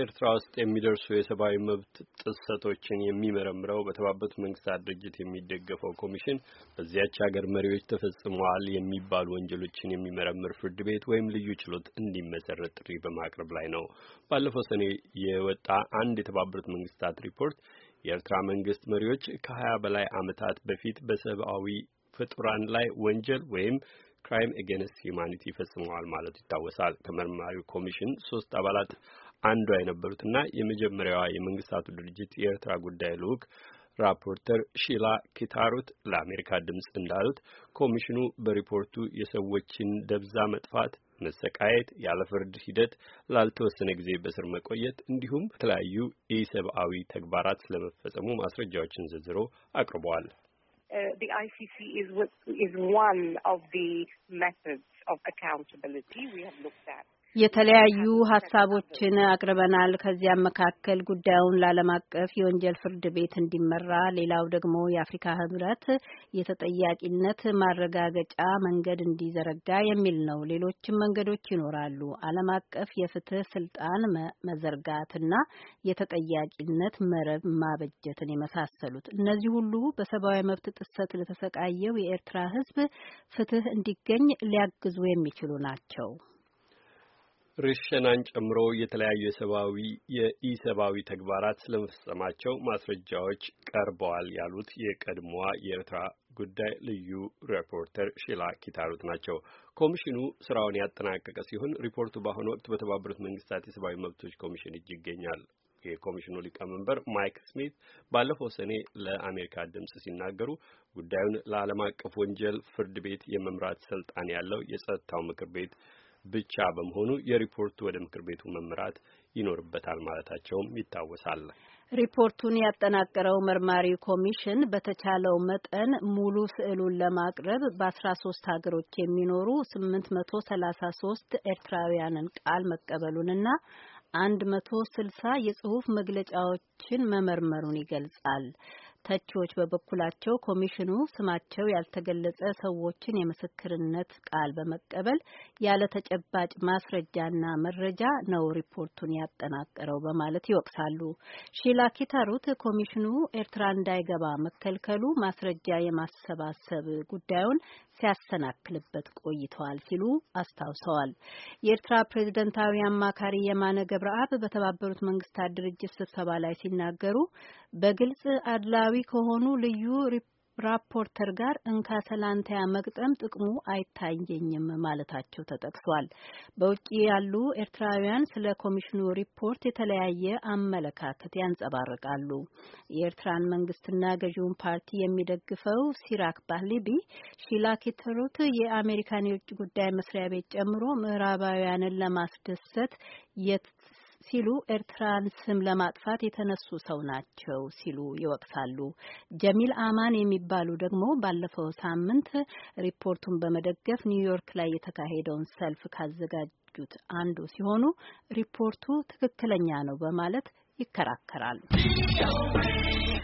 ኤርትራ ውስጥ የሚደርሱ የሰብአዊ መብት ጥሰቶችን የሚመረምረው በተባበሩት መንግስታት ድርጅት የሚደገፈው ኮሚሽን በዚያች ሀገር መሪዎች ተፈጽመዋል የሚባሉ ወንጀሎችን የሚመረምር ፍርድ ቤት ወይም ልዩ ችሎት እንዲመሰረት ጥሪ በማቅረብ ላይ ነው። ባለፈው ሰኔ የወጣ አንድ የተባበሩት መንግስታት ሪፖርት የኤርትራ መንግስት መሪዎች ከሀያ በላይ ዓመታት በፊት በሰብአዊ ፍጡራን ላይ ወንጀል ወይም ክራይም ኤጌንስት ሂማኒቲ ፈጽመዋል ማለቱ ይታወሳል። ከመርማሪው ኮሚሽን ሶስት አባላት አንዷ የነበሩትና የመጀመሪያዋ የመንግስታቱ ድርጅት የኤርትራ ጉዳይ ልዑክ ራፖርተር ሺላ ኪታሩት ለአሜሪካ ድምፅ እንዳሉት ኮሚሽኑ በሪፖርቱ የሰዎችን ደብዛ መጥፋት፣ መሰቃየት፣ ያለ ፍርድ ሂደት ላልተወሰነ ጊዜ በስር መቆየት እንዲሁም የተለያዩ ኢሰብአዊ ተግባራት ስለመፈጸሙ ማስረጃዎችን ዘርዝሮ አቅርበዋል። uh, the ICC is, is one of the methods የተለያዩ ሀሳቦችን አቅርበናል። ከዚያም መካከል ጉዳዩን ለዓለም አቀፍ የወንጀል ፍርድ ቤት እንዲመራ፣ ሌላው ደግሞ የአፍሪካ ህብረት የተጠያቂነት ማረጋገጫ መንገድ እንዲዘረጋ የሚል ነው። ሌሎችም መንገዶች ይኖራሉ። ዓለም አቀፍ የፍትህ ስልጣን መዘርጋትና የተጠያቂነት መረብ ማበጀትን የመሳሰሉት እነዚህ ሁሉ በሰብአዊ መብት ጥሰት ለተሰቃየው የኤርትራ ህዝብ ፍትህ እንዲገኝ ሊያግዙ ሊያግዙ የሚችሉ ናቸው። ሪሸናን ጨምሮ የተለያዩ የሰብአዊ የኢሰብአዊ ተግባራት ስለመፈጸማቸው ማስረጃዎች ቀርበዋል ያሉት የቀድሞዋ የኤርትራ ጉዳይ ልዩ ሪፖርተር ሺላ ኪታሩት ናቸው። ኮሚሽኑ ስራውን ያጠናቀቀ ሲሆን ሪፖርቱ በአሁኑ ወቅት በተባበሩት መንግስታት የሰብአዊ መብቶች ኮሚሽን እጅ ይገኛል። የኮሚሽኑ ሊቀመንበር ማይክ ስሚት ባለፈው ሰኔ ለአሜሪካ ድምጽ ሲናገሩ ጉዳዩን ለዓለም አቀፍ ወንጀል ፍርድ ቤት የመምራት ስልጣን ያለው የጸጥታው ምክር ቤት ብቻ በመሆኑ የሪፖርቱ ወደ ምክር ቤቱ መምራት ይኖርበታል ማለታቸውም ይታወሳል። ሪፖርቱን ያጠናቀረው መርማሪ ኮሚሽን በተቻለው መጠን ሙሉ ስዕሉን ለማቅረብ በአስራ ሶስት ሀገሮች የሚኖሩ ስምንት መቶ ሰላሳ ሶስት ኤርትራውያንን ቃል መቀበሉንና 160 የጽሑፍ መግለጫዎችን መመርመሩን ይገልጻል። ተቺዎች በበኩላቸው ኮሚሽኑ ስማቸው ያልተገለጸ ሰዎችን የምስክርነት ቃል በመቀበል ያለ ተጨባጭ ማስረጃና መረጃ ነው ሪፖርቱን ያጠናቀረው በማለት ይወቅሳሉ። ሺላ ኪታሩት ኮሚሽኑ ኤርትራ እንዳይገባ መከልከሉ ማስረጃ የማሰባሰብ ጉዳዩን ሲያሰናክልበት ቆይተዋል ሲሉ አስታውሰዋል። የኤርትራ ፕሬዝደንታዊ አማካሪ የማነ ገብረአብ በተባበሩት መንግስታት ድርጅት ስብሰባ ላይ ሲናገሩ በግልጽ አድላዊ ከሆኑ ልዩ ራፖርተር ጋር እንካ ሰላንታያ መግጠም ጥቅሙ አይታየኝም ማለታቸው ተጠቅሷል። በውጭ ያሉ ኤርትራውያን ስለ ኮሚሽኑ ሪፖርት የተለያየ አመለካከት ያንጸባርቃሉ። የኤርትራን መንግስትና ገዢውን ፓርቲ የሚደግፈው ሲራክ ባህሊቢ የተሩት የአሜሪካን የውጭ ጉዳይ መስሪያ ቤት ጨምሮ ምዕራባውያንን ለማስደሰት ሲሉ ኤርትራን ስም ለማጥፋት የተነሱ ሰው ናቸው ሲሉ ይወቅሳሉ። ጀሚል አማን የሚባሉ ደግሞ ባለፈው ሳምንት ሪፖርቱን በመደገፍ ኒውዮርክ ላይ የተካሄደውን ሰልፍ ካዘጋጁት አንዱ ሲሆኑ ሪፖርቱ ትክክለኛ ነው በማለት ይከራከራሉ።